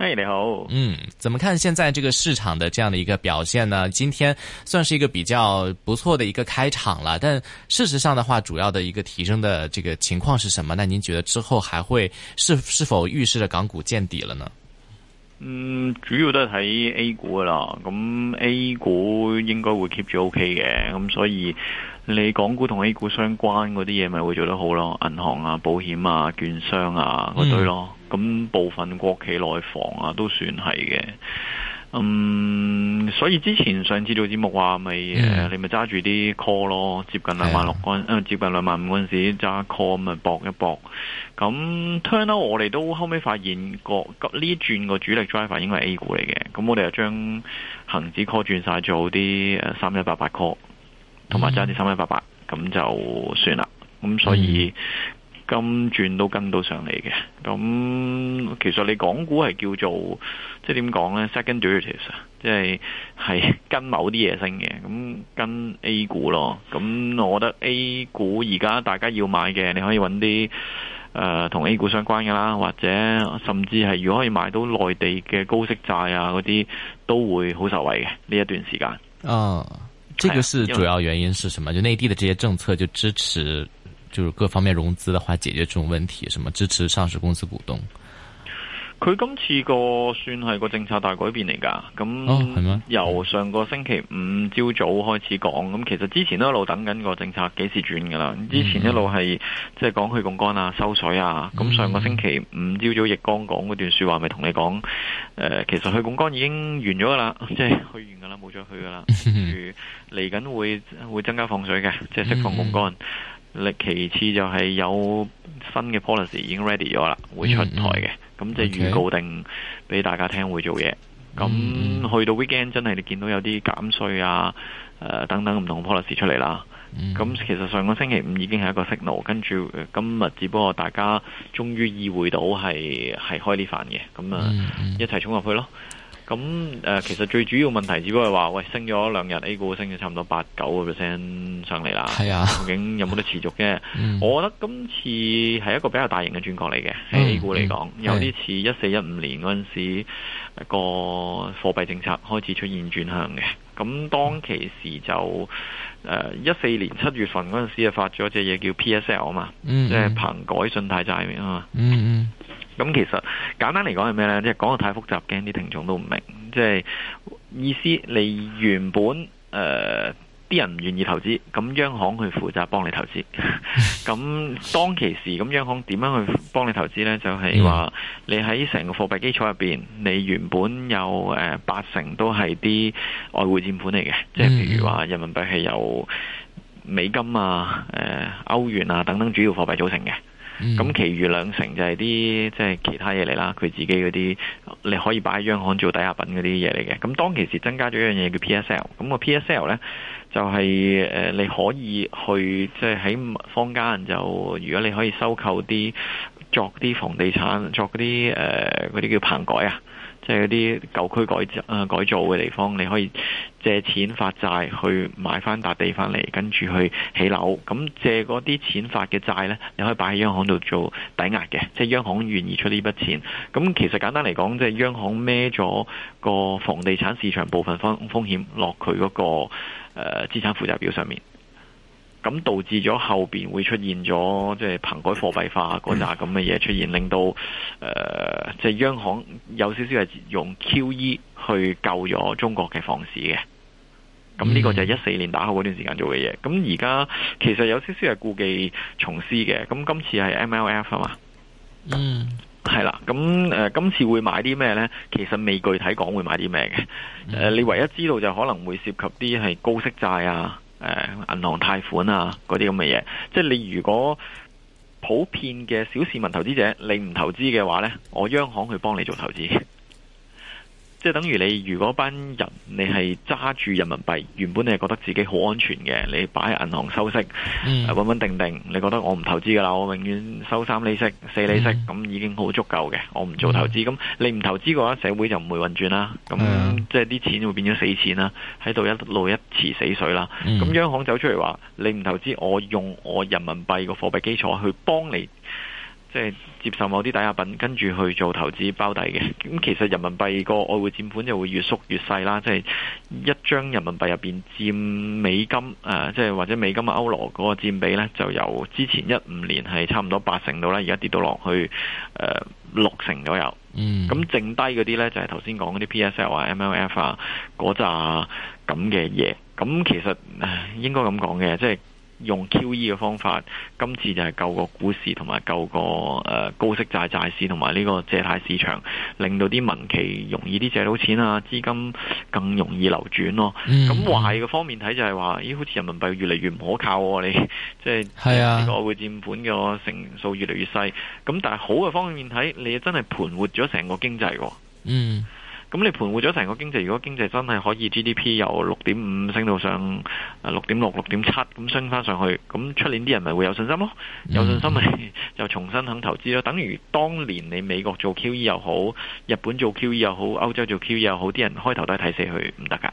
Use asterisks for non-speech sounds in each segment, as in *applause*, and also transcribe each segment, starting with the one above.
嗨，hey，你好。嗯，怎麼看現在這個市場的這樣的一個表現呢？今天算是一個比較不錯的一個開場了，但事實上的話，主要的一個提升的這個情況是什麼？那您覺得之後還會是是否預示着港股見底了呢？嗯，主要都係睇 A 股噶啦，咁 A 股應該會 keep 住 OK 嘅，咁所以你港股同 A 股相關嗰啲嘢咪會做得好咯，銀行啊、保險啊、券商啊嗰堆咯。嗯。咁部分國企內房啊，都算係嘅。嗯，所以之前上次做節目話，咪誒 Yeah. 你咪揸住啲 call 咯，接近兩萬六嗰 Yeah.、嗯，接近兩萬五嗰時揸 call 咪搏一搏。咁 turn out 我哋都後尾發現、個呢轉個主力 driver 應該係 A 股嚟嘅。咁我哋又將恒指 call 轉晒，做啲三一八八 call，同埋揸啲三一八八、mm，咁、hmm. 就算啦。咁所以。Mm hmm. 金轉都跟到上嚟嘅，咁其實你港股係叫做即係點講呢？Secondary，即係係跟某啲嘢升嘅，咁跟 A 股咯。咁我覺得 A 股而家大家要買嘅，你可以揾啲誒同 A 股相關嘅啦，或者甚至係如果可以買到內地嘅高息債啊嗰啲都會好受惠嘅呢一段時間。啊、哦，呢個係主要原因是什麼？就內地嘅這些政策就支持。就是各方面融資嘅話，解決這種問題，什麼支持上市公司股東。佢今次個算係個政策大改變嚟噶，咁、嗯哦、由上個星期五朝早開始講，咁其實之前都一路等緊個政策幾時轉噶啦，之前一路係、嗯、即係講去槓桿啊、收水啊，咁、嗯、上個星期五朝早亦啱啱講嗰段說話，咪同你講，誒、呃，其實去槓桿已經完咗噶啦， *laughs* 即係去完噶啦，冇咗去噶啦，嚟緊 *laughs* 會會增加放水嘅，即係釋放槓桿。嗯 *laughs* 其次就係有新嘅 policy 已經 ready 咗啦，會出台嘅，咁即係預告定俾大家聽會做嘢。咁、嗯嗯、去到 weekend 真係你見到有啲減稅啊，呃、等等唔同 policy 出嚟啦。咁、嗯、其實上個星期五已經係一個 signal，跟住今日只不過大家終於意會到係係開呢飯嘅，咁啊、呃嗯嗯、一齊衝入去咯。咁誒、呃，其實最主要問題只不過係話，喂，升咗兩日 A 股升咗差唔多八九個 percent 上嚟啦。係是啊，究竟有冇得持續嘅？嗯、我覺得今次係一個比較大型嘅轉角嚟嘅，喺、嗯、A 股嚟講，嗯、有啲似一四一五年嗰陣時個貨幣政策開始出現轉向嘅。咁當其時就誒一四年七月份嗰陣時，就發咗一隻嘢叫 PSL 啊嘛，嗯嗯即係棚改信貸債啊嘛。嗯嗯。咁其實簡單嚟講係咩呢？即係講得太複雜，驚啲聽眾都唔明。即係意思，你原本誒啲、呃、人唔願意投資，咁央行去負責幫你投資。咁 *laughs* 當其時，咁央行點樣去幫你投資呢？就係、是、話你喺成個貨幣基礎入邊，你原本有八成都係啲外匯佔款嚟嘅，即係譬如話人民幣係由美金啊、誒、呃、歐元啊等等主要貨幣組成嘅。咁，嗯、其餘兩成就係啲即係其他嘢嚟啦。佢自己嗰啲你可以擺喺央行做抵押品嗰啲嘢嚟嘅。咁當其時增加咗一樣嘢叫 P.S.L。咁個 P.S.L 呢，就係誒你可以去即係喺坊間就，如果你可以收購啲作啲房地產作嗰啲誒嗰啲叫棚改啊，即係嗰啲舊區改改造嘅地方，你可以。借錢發債去買翻笪地返嚟，跟住去起樓。咁借嗰啲錢發嘅債呢，你可以擺喺央行度做抵押嘅，即係央行願意出呢筆錢。咁其實簡單嚟講，即係央行孭咗個房地產市場部分風風險落佢嗰個誒資產負債表上面，咁導致咗後邊會出現咗即係棚改貨幣化嗰扎咁嘅嘢出現，令到誒即係央行有少少係用 QE 去救咗中國嘅房市嘅。咁呢、嗯、個就係一四年打後嗰段時間做嘅嘢，咁而家其實有少少係故技重施嘅，咁今次係 MLF 啊嘛，嗯，係啦，咁誒今次會買啲咩呢？其實未具體講會買啲咩嘅，誒、嗯呃，你唯一知道就可能會涉及啲係高息債啊，誒、呃，銀行貸款啊嗰啲咁嘅嘢，即係你如果普遍嘅小市民投資者，你唔投資嘅話呢，我央行去幫你做投資。即係等於你，如果班人你係揸住人民幣，原本你係覺得自己好安全嘅，你擺喺銀行收息，穩穩、嗯、定定，你覺得我唔投資噶啦，我永遠收三厘息、四厘息，咁、嗯、已經好足夠嘅，我唔做投資。咁、嗯、你唔投資嘅話，社會就唔會運轉啦。咁即係啲錢會變咗死錢啦，喺度一路一池死水啦。咁、嗯、央行走出嚟話，你唔投資，我用我人民幣個貨幣基礎去幫你。即係接受某啲抵押品，跟住去做投資包底嘅。咁其實人民幣個外匯佔款就會越縮越細啦。即係一張人民幣入邊佔美金，誒，呃，即係或者美金嘅歐羅嗰個佔比呢，就由之前一五年係差唔多八成度啦，而家跌到落去六成左右。呃，嗯，咁剩低嗰啲呢，就係頭先講嗰啲 PSL 啊、MLF 啊嗰扎咁嘅嘢。咁其實，呃，應該咁講嘅，即係。用 QE 嘅方法，今次就係救個股市同埋救個誒、呃、高息債債市同埋呢個借貸市場，令到啲民企容易啲借到錢啊，資金更容易流轉咯。咁壞嘅方面睇就係話，咦，好似人民幣越嚟越唔可靠，啊，你即係呢個會佔本嘅成數越嚟越細。咁但係好嘅方面睇，你真係盤活咗成個經濟喎，啊。嗯。咁你盤活咗成個經濟，如果經濟真係可以 GDP 由六點五升到上六點六、六點七咁升返上去，咁出年啲人咪會有信心咯？有信心咪又重新肯投資咯？等於當年你美國做 QE 又好，日本做 QE 又好，歐洲做 QE 又好，啲人開頭都係睇死佢唔得㗎。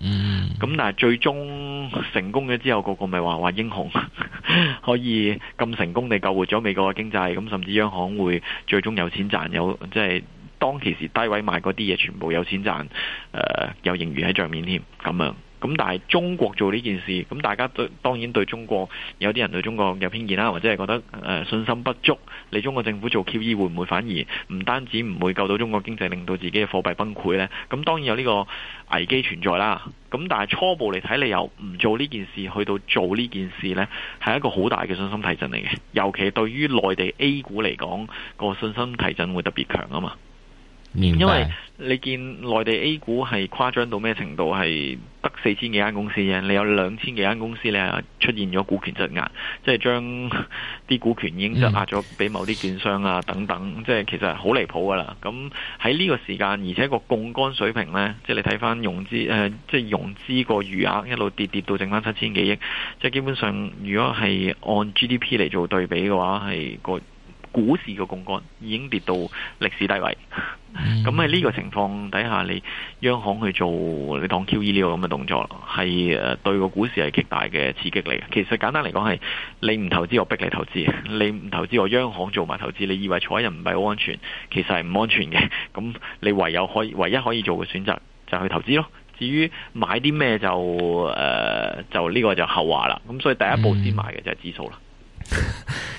嗯。咁但係最終成功咗之後，個個咪話話英雄可以咁成功咁救活咗美國嘅經濟，咁甚至央行會最終有錢賺，有即係。就是當其時低位賣嗰啲嘢，全部有錢賺，誒有盈餘喺賬面添咁樣。咁但係中國做呢件事，咁大家對當然對中國有啲人對中國有偏見啦，或者係覺得誒信心不足。你中國政府做 QE 會唔會反而唔單止唔會救到中國經濟，令到自己嘅貨幣崩潰呢？咁當然有呢個危機存在啦。咁但係初步嚟睇，你由唔做呢件事去到做呢件事呢，係一個好大嘅信心提振嚟嘅。尤其對於內地 A 股嚟講，個信心提振會特別強啊嘛。因為你見內地 A 股係誇張到咩程度？係得四千幾間公司啫，你有兩千幾間公司你係出現咗股權質押，即係將啲股權已經質押咗俾某啲券商啊等等，嗯、即係其實好離譜噶啦。咁喺呢個時間，而且個槓桿水平呢，即係你睇翻融資誒、呃，即係融資個餘額一路跌跌到剩翻七千幾億，即係基本上如果係按 GDP 嚟做對比嘅話，係個。股市嘅槓桿已經跌到歷史低位，咁喺呢個情況底下，你央行去做你當 QE 呢個咁嘅動作，係誒對個股市係極大嘅刺激嚟嘅。其實簡單嚟講，係你唔投資我逼你投資，你唔投資我央行做埋投資，你以為坐喺人唔係好安全，其實係唔安全嘅。咁你唯有可以唯一可以做嘅選擇就係去投資咯。至於買啲咩就誒、呃、就呢個就後話啦。咁所以第一步先買嘅就係指數啦。嗯 *laughs*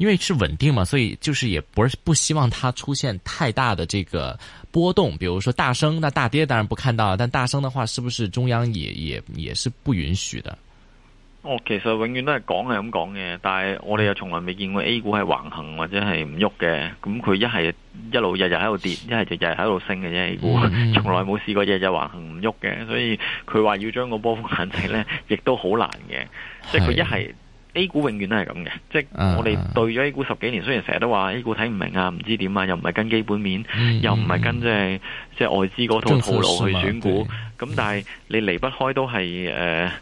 因為是穩定嘛，所以就是也不是不希望它出現太大的這個波動。比如說大升，那大跌當然不看到，但大升的話，是不是中央也也也是不允許的？我、哦、其實永遠都係講係咁講嘅，但係我哋又從來未見過 A 股係橫行或者係唔喐嘅。咁佢一係一路日日喺度跌，一係日日喺度升嘅啫。A 股、嗯、從來冇試過日日橫行唔喐嘅，所以佢話要將個波幅限制呢，亦都好難嘅。是即係佢一係。A 股永遠都係咁嘅，即係我哋對咗 A 股十幾年，雖然成日都話 A 股睇唔明啊，唔知點啊，又唔係跟基本面，嗯、又唔係跟、嗯、即係即係外資嗰套套路去選股，咁、嗯、但係你離不開都係誒。呃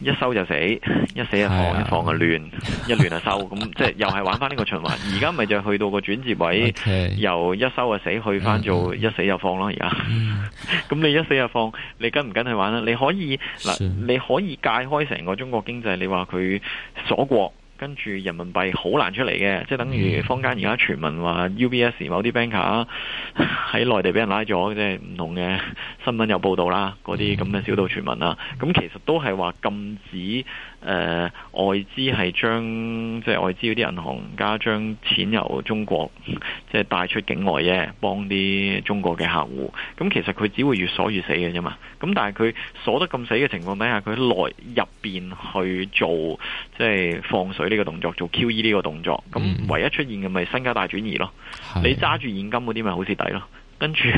一收就死，一死就放，哎、呀 一放就亂，一亂就收，咁即係又係玩翻呢個循環。而家咪就去到個轉折位，Okay. 由一收就死，去翻做一死就放咯。而家，咁、 *laughs* 嗯、 *laughs* 你一死就放，你跟唔跟去玩啦？你可以嗱，是你可以界開成個中國經濟。你話佢鎖國。跟住人民幣好難出嚟嘅，即係等於坊間而家傳聞話 UBS 某啲 banker 喺內地俾人拉咗，即係唔同嘅新聞有報道啦，嗰啲咁嘅小道傳聞啦。咁其實都係話禁止誒、呃、外資係將即係外資啲銀行家將錢由中國即係帶出境外啫，幫啲中國嘅客戶。咁其實佢只會越鎖越死嘅啫嘛。咁但係佢鎖得咁死嘅情況底下，佢內入邊去做即係放水。呢個動作做 QE 呢個動作，咁、e、唯一出現嘅咪身家大轉移咯。是你揸住現金嗰啲咪好蝕底咯，跟住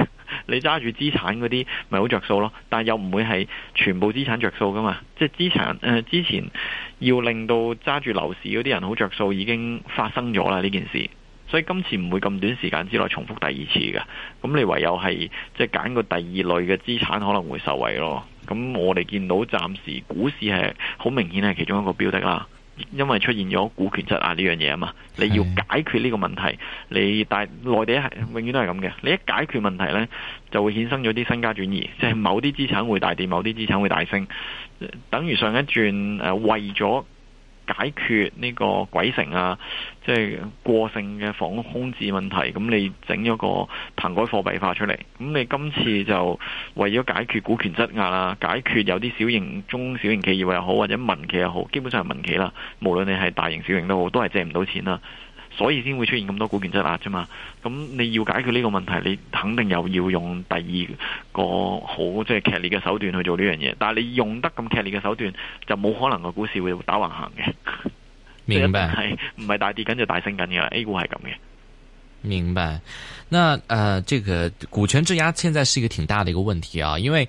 你揸住資產嗰啲咪好着數咯。但又唔會係全部資產着數噶嘛？即係資產誒、呃，之前要令到揸住樓市嗰啲人好着數，已經發生咗啦呢件事。所以今次唔會咁短時間之內重複第二次嘅。咁你唯有係即係揀個第二類嘅資產可能會受惠咯。咁我哋見到暫時股市係好明顯係其中一個標的啦。因為出現咗股權質押，呢樣嘢啊嘛，你要解決呢個問題，你但係內地係永遠都係咁嘅，你一解決問題呢，就會衍生咗啲身家轉移，即、就、係、是、某啲資產會大跌，某啲資產會大升，等於上一轉誒、呃、為咗。解決呢個鬼城啊，即係過剩嘅房空置問題，咁你整咗個棚改貨幣化出嚟，咁你今次就為咗解決股權質押啊，解決有啲小型中小型企業又好，或者民企又好，基本上係民企啦，無論你係大型小型都好，都係借唔到錢啦。所以先會出現咁多股權質押啫嘛，咁你要解決呢個問題，你肯定又要用第二個好即係劇烈嘅手段去做呢樣嘢，但係你用得咁劇烈嘅手段，就冇可能個股市會打橫行嘅。明白，係唔係大跌緊就大升緊嘅，A 股係咁嘅。明白，那誒、呃，這個股權質押現在是一個挺大的一個問題啊，因為。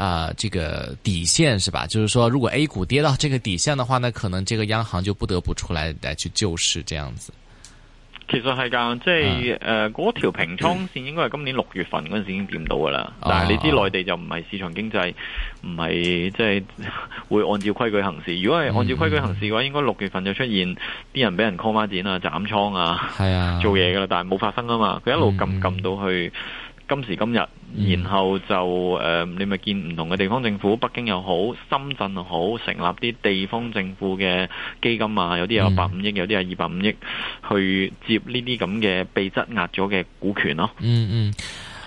啊、呃，這個底線是吧？就是說，如果 A 股跌到這個底線的話呢，那可能這個央行就不得不出來來去救市，這樣子。其實係噶，即係誒嗰條平倉線，應該係今年六月份嗰陣時已經掂到噶啦。哦哦哦但係你知內地就唔係市場經濟，唔係即係會按照規矩行事。如果係按照規矩行事嘅話，嗯嗯應該六月份就出現啲人俾人 call 孖展啊、斬倉啊，係啊、哎呀，做嘢噶啦。但係冇發生啊嘛，佢一路撳撳、嗯嗯、到去今時今日。然後就誒，你咪見唔同嘅地方政府，北京又好，深圳又好，成立啲地方政府嘅基金啊，有啲有百五億，有啲有二百五億，去接呢啲咁嘅被質押咗嘅股權咯、嗯。嗯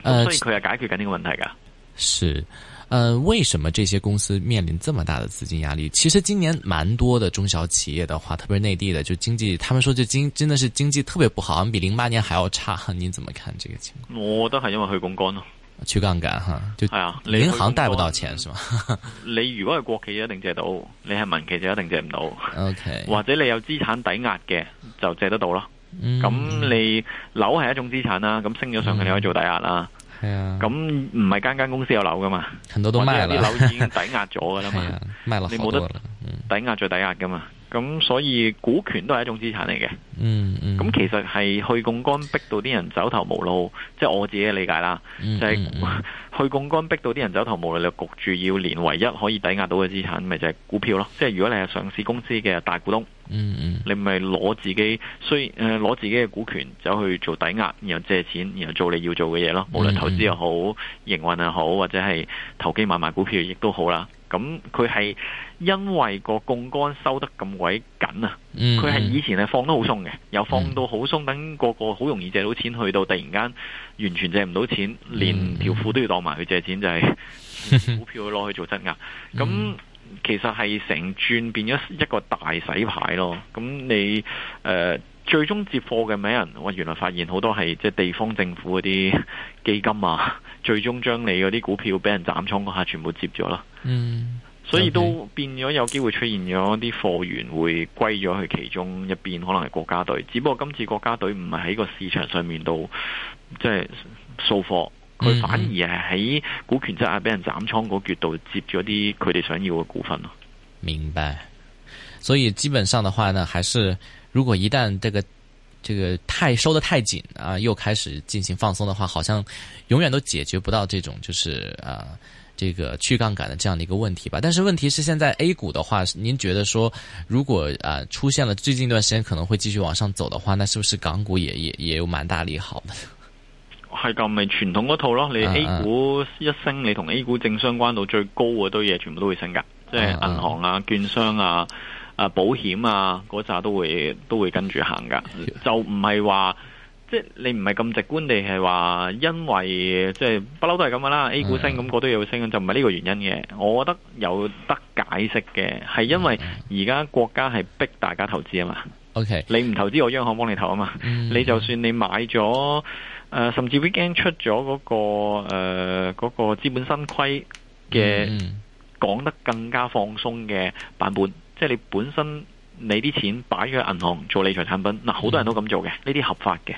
嗯，呃、所以佢係解決緊呢個問題噶。是，誒、呃，為什麼這些公司面臨這麼大的資金壓力？其實今年蠻多的中小企業的話，特別內地的，就經濟，他們說就經真的是經濟特別不好，好比零八年還要差。你怎麼看這個情況？我覺得係因為去槓杆咯。去槓桿吓，就係啊！銀行貸唔到錢，是嘛、啊？你如果係吧國企就一定借到，你係民企就一定借唔到。OK，或者你有資產抵押嘅就借得到咯。咁、嗯、你樓係一種資產啦，咁升咗上去你可以做抵押啦。係、嗯、啊，咁唔係間間公司有樓噶嘛？很多都賣啦，樓已經抵押咗噶啦嘛， *laughs* 啊、賣咗好多啦，冇得抵押再抵押噶嘛。咁所以股權都係一種資產嚟嘅，嗯，嗯嗯，咁其實係去槓桿逼到啲人走投無路，即係我自己嘅理解啦，就係去槓桿逼到啲人走投無路，你焗住要連唯一可以抵押到嘅資產，咪就係股票咯。即係如果你係上市公司嘅大股東，嗯，嗯，你咪攞自己，所以、啊、攞自己嘅股權走去做抵押，然後借錢，然後做你要做嘅嘢咯。嗯嗯，無論投資又好，營運又好，或者係投機買賣股票亦都好啦。咁佢係因為個槓桿收得咁鬼緊啊！佢係以前係放得好鬆嘅，又放到好鬆，等個個好容易借到錢，去到突然間完全借唔到錢，連條褲都要當埋去借錢，就係、是、股票攞去做質押。咁 *laughs* 其實係成轉變咗一個大洗牌咯。咁你誒、呃、最終接貨嘅咩人？我原來發現好多係即係地方政府嗰啲基金啊。最終將你嗰啲股票俾人斬倉嗰下，全部接咗啦。嗯，所以都變咗有機會出現咗啲貨源會歸咗去其中一邊，可能係國家隊。只不過今次國家隊唔係喺個市場上面度即係掃貨，佢反而係喺股權即係俾人斬倉嗰角度接咗啲佢哋想要嘅股份咯。明白。所以基本上嘅話呢，還是如果一旦這個這個太收得太緊啊，又開始進行放鬆的話，好像永遠都解決不到這種就是啊這個去槓桿的這樣的一個問題吧。但是問題是，現在 A 股的話，您覺得說如果啊出現了最近一段時間可能會繼續往上走的話，那是不是港股也也也有蠻大利好的？係咁咪傳統嗰套咯，你 A 股一升，嗯、你同 A 股正相關度最高嗰堆嘢全部都會升噶，嗯、即係銀行啊、嗯、券商啊。保險啊，嗰紮、啊、都會都會跟住行噶，就唔係話即係你唔係咁直觀地係話，因為即係不嬲都係咁噶啦，A 股升咁個都有升，嗯、就唔係呢個原因嘅。我覺得有得解釋嘅係因為而家國家係逼大家投資啊嘛。O K，嗯、你唔投資我央行幫你投啊嘛。嗯、你就算你買咗誒、呃，甚至 weekend 出咗嗰、那個誒嗰、呃那個資本新規嘅講得更加放鬆嘅版本。即係你本身你啲錢擺咗銀行做理財產品嗱，好多人都咁做嘅，呢啲合法嘅。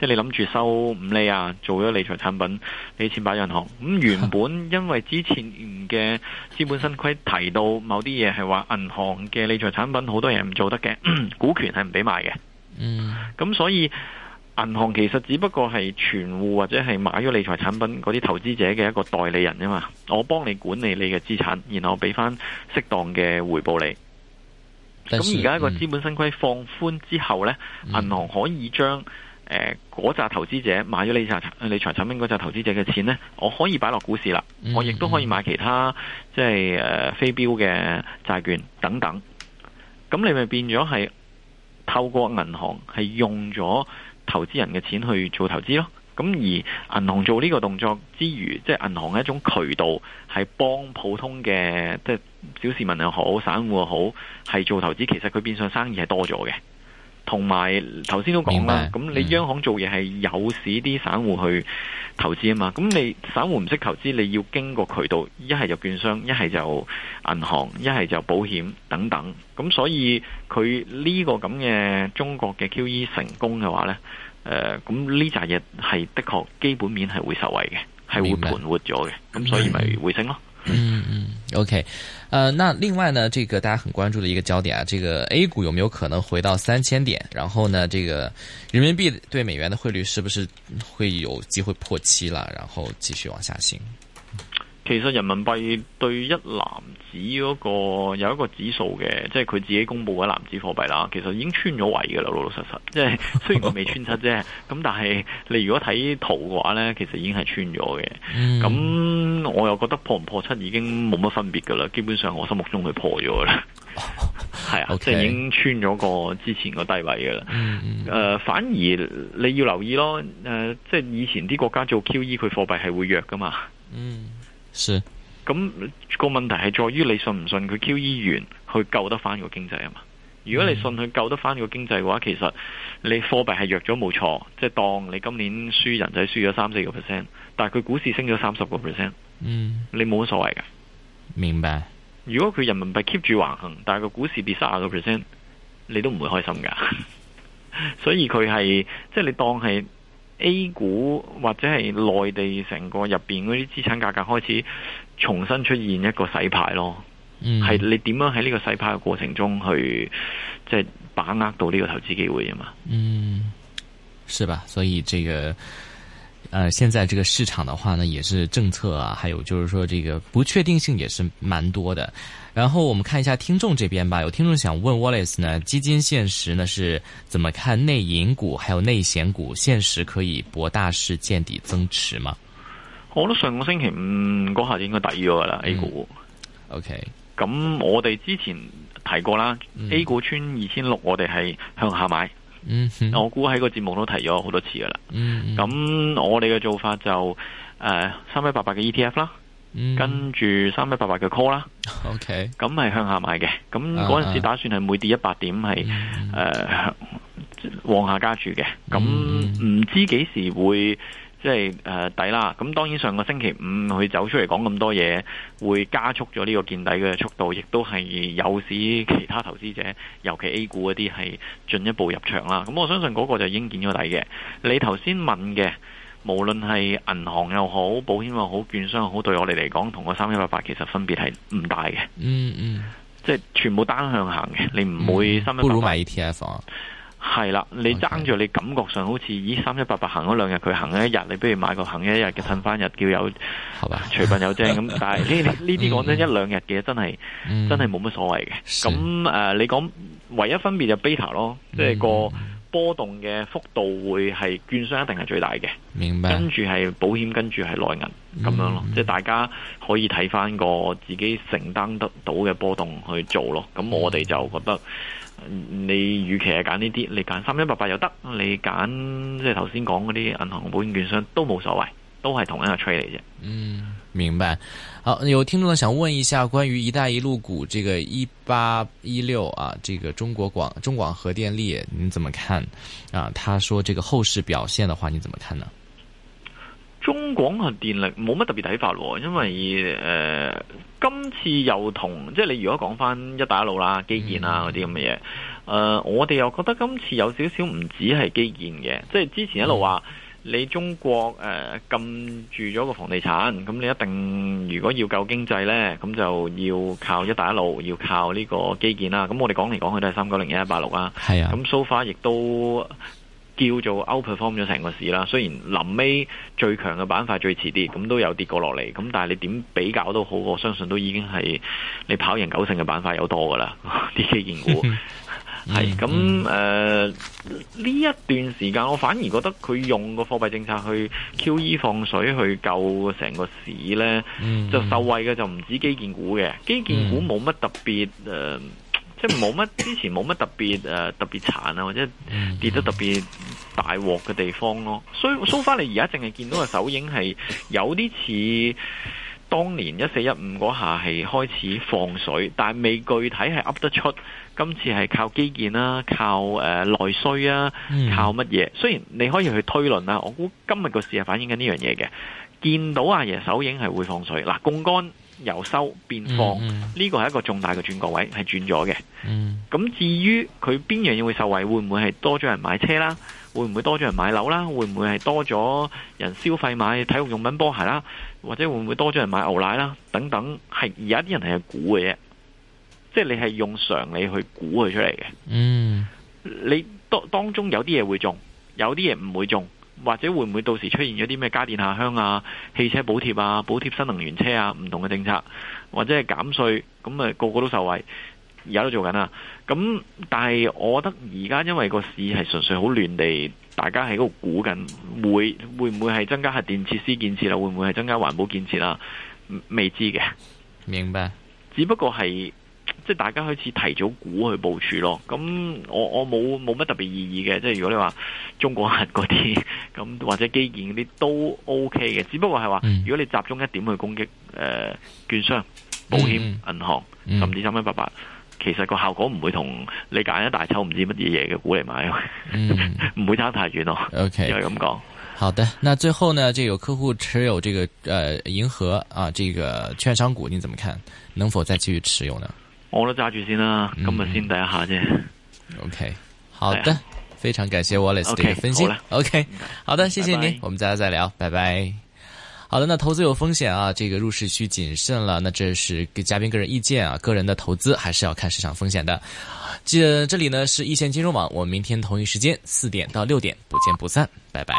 即係你諗住收五厘啊，做咗理財產品，你錢擺咗銀行咁。原本因為之前嘅資本新規提到某啲嘢，係話銀行嘅理財產品好多嘢唔做得嘅，股權係唔俾賣嘅。嗯，咁所以銀行其實只不過係存戶或者係買咗理財產品嗰啲投資者嘅一個代理人吖嘛，我幫你管理你嘅資產，然後俾翻適當嘅回報你。咁而家個資本新規放寬之後呢、嗯、銀行可以將誒嗰扎投資者買咗呢扎理財產品嗰扎投資者嘅錢呢，我可以擺落股市啦，嗯、我亦都可以買其他即係誒非標嘅債券等等。咁你咪變咗係透過銀行係用咗投資人嘅錢去做投資咯。咁而銀行做呢個動作之餘，即係銀行一種渠道，係幫普通嘅即係小市民又好、散戶又好，係做投資。其實佢變相生意係多咗嘅。同埋頭先都講啦，咁明白你央行做嘢係有使啲散戶去投資啊嘛。咁、嗯、你散戶唔識投資，你要經過渠道，一係就券商，一係就銀行，一係就保險等等。咁所以佢呢個咁嘅中國嘅 QE 成功嘅話呢。誒，咁呢扎嘢係的確基本面係會受惠嘅，係會盤活咗嘅，咁白所以咪回升咯。嗯嗯，OK，誒、呃，那另外呢，這個大家很關注的一個焦點啊，這個 A 股有沒有可能回到三千點？然後呢，這個人民幣對美元的匯率是不是會有機會破七啦？然後繼續往下行。其實人民幣對一籃子個有一個指數嘅，即係佢自己公布嘅籃子貨幣啦。其實已經穿咗位噶啦，老老實實。即係雖然我未穿七啫，咁 *laughs* 但係你如果睇圖嘅話呢，其實已經係穿咗嘅。咁、嗯、我又覺得破唔破七已經冇乜分別噶啦。基本上我心目中佢破咗啦，係 *laughs* 啊，Okay. 即係已經穿咗個之前個低位噶啦。誒、嗯呃，反而你要留意咯，誒、呃，即係以前啲國家做 Q E 佢貨幣係會弱噶嘛。嗯咁是個問題係在於你信唔信佢 QE 完去救得翻個經濟啊嘛？如果你信佢救得翻個經濟嘅話，其實你貨幣係弱咗冇錯，即係當你今年輸人仔輸咗三四個 percent，但係佢股市升咗三十個 percent，嗯，你冇乜所謂噶。明白。如果佢人民幣 keep 住橫行，但係個股市跌三十個 percent，你都唔會開心噶。所以佢係即係你當係。A 股或者係內地成個入邊嗰啲資產價格開始重新出現一個洗牌咯，係你點樣喺呢個洗牌嘅過程中去即係把握到呢個投資機會啊嘛？嗯，是吧？所以呢，這個。呃，現在這個市場的話呢，也是政策啊，還有就是說這個不確定性也是蠻多的。然後我們看一下聽眾這邊吧，有聽眾想問 Wallace 呢，基金現實呢，是怎麼看內銀股，還有內險股現實可以博大市見底增持嗎？我覺得上個星期五嗰下就應該底咗㗎喇，A 股。OK，咁我哋之前提過啦，嗯，A 股穿二千六，我哋係向下買。嗯， *noise* 我估喺個節目都提咗好多次噶啦。咁 *noise* 我哋嘅做法就誒、是，三一八八嘅 ETF 啦， *noise* 跟住三一八八嘅 call 啦。OK，咁係向下買嘅。咁嗰陣時打算係每跌一百點係誒往下加住嘅。咁唔知幾時會即係誒、呃、底啦，咁當然上個星期五佢走出嚟講咁多嘢，會加速咗呢個見底嘅速度，亦都係有使其他投資者，尤其 A 股嗰啲係進一步入場啦。咁我相信嗰個就已經見咗底嘅。你頭先問嘅，無論係銀行又好、保險又好、券商又好，對我哋嚟講，同個三一八八其實分別係唔大嘅、嗯。嗯嗯，即係全部單向行嘅，你唔會，不如買 ETF 啊。係啦，你爭住你感覺上好似咦三一八八行咗兩日，佢行一日，你不如買個行一日嘅，褪翻日叫有，係嘛吧？隨份有精咁。但係呢呢啲講真一兩日嘅，真係、嗯、真係冇乜所謂嘅。咁誒是，你講唯一分別就 beta 咯，嗯、即係個波動嘅幅度會係券商一定係最大嘅。明白。跟住係保險，跟住係內銀咁樣咯。嗯、即係大家可以睇翻個自己承擔得到嘅波動去做咯。咁我哋就覺得。你與其係揀呢啲，你揀三一八八又得，你揀即係頭先講嗰啲銀行、保險、券商都冇所謂，都係同一個 trade 嚟啫。嗯，明白。好，啊，有聽眾呢想問一下關於一帶一路股，這個一八一六啊，這個中國廣中廣核電力，你怎麼看啊？他說這個後市表現的話，你怎麼看呢？中廣核電力冇乜特別睇法喎，因為誒、呃、今次又同即係你如果講翻一帶一路啦、基建啦嗰啲咁嘅嘢，誒、嗯呃、我哋又覺得今次有少少唔止係基建嘅，即係之前一路話、嗯、你中國誒、呃、禁住咗個房地產，咁你一定如果要救經濟呢，咁就要靠一帶一路，要靠呢個基建啦。咁我哋講嚟講去都係三九零、一八六啦係啊，咁 so far 亦都。叫做 outperform 咗成個市啦，雖然臨尾最強嘅板塊最遲啲，咁都有跌過落嚟，咁但係你點比較都好，我相信都已經係你跑贏九成嘅板塊有多噶啦，啲 *laughs* 基建股係咁誒，呢一段時間，我反而覺得佢用個貨幣政策去 QE 放水去救成個市呢， *noise* 就受惠嘅就唔止基建股嘅，基建股冇乜特別、呃即冇乜，之前冇乜特別誒、呃、特別慘啊，或者跌得特別大鑊嘅地方咯。所以收翻嚟而家淨係見到個手影係有啲似當年那一四一五嗰下係開始放水，但係未具體係噏得出。今次係靠基建啦，靠誒內需啊，靠乜嘢、呃啊？雖然你可以去推論啦，我估今日個市係反映緊呢樣嘢嘅。見到阿爺手影係會放水嗱，槓桿。由收變放，呢個係一個重大嘅轉角位，係轉咗嘅。咁、mm hmm. 至於佢邊樣嘢會受惠，會唔會係多咗人買車啦？會唔會多咗人買樓啦？會唔會係多咗人消費買體育用品、波鞋啦？或者會唔會多咗人買牛奶啦？等等，係而家啲人係估嘅啫，即係你係用常理去估佢出嚟嘅。嗯、mm，hmm. 你當當中有啲嘢會中，有啲嘢唔會中。或者會唔會到時出現咗啲咩家電下鄉啊、汽車補貼啊、補貼新能源車啊、唔同嘅政策，或者係減稅，咁、那、啊個個都受惠，而家都做緊啦、啊。咁但係我覺得而家因為個市係純粹好亂地，大家喺度估緊，會會唔會係增加核電設施建設啦、啊？會唔會係增加環保建設啦、啊？未知嘅。明白。只不過係。即係大家開始提早估去部署咯，咁我我冇冇乜特別意義嘅，即、就、係、是、如果你話中國核嗰啲，咁或者基建嗰啲都 O K 嘅，只不過係話如果你集中一點去攻擊誒、嗯呃、券商、保險、銀行甚至三蚊八八，其實個效果唔會同你揀一大抽唔知乜嘢嘢嘅股嚟買，唔、嗯、 *laughs* 會差太遠咯。O K，就係咁講。好的，那最後呢，就有客戶持有這個誒銀、呃、河啊，這個券商股，你怎麼看？能否再繼續持有呢？我都揸住先啦，今日先等一下啫。OK，好的，非常感謝 Wallace 嘅一個分析。OK，好，okay，好的，謝謝您拜，我們再來再聊，拜拜。好的，那投資有風險啊，這個入市需謹慎了。那這是個嘉賓個人意見啊，個人的投資還是要看市場風險的。記得這裏呢是一線金融網，我們明天同一時間四點到六點不見不散，拜拜。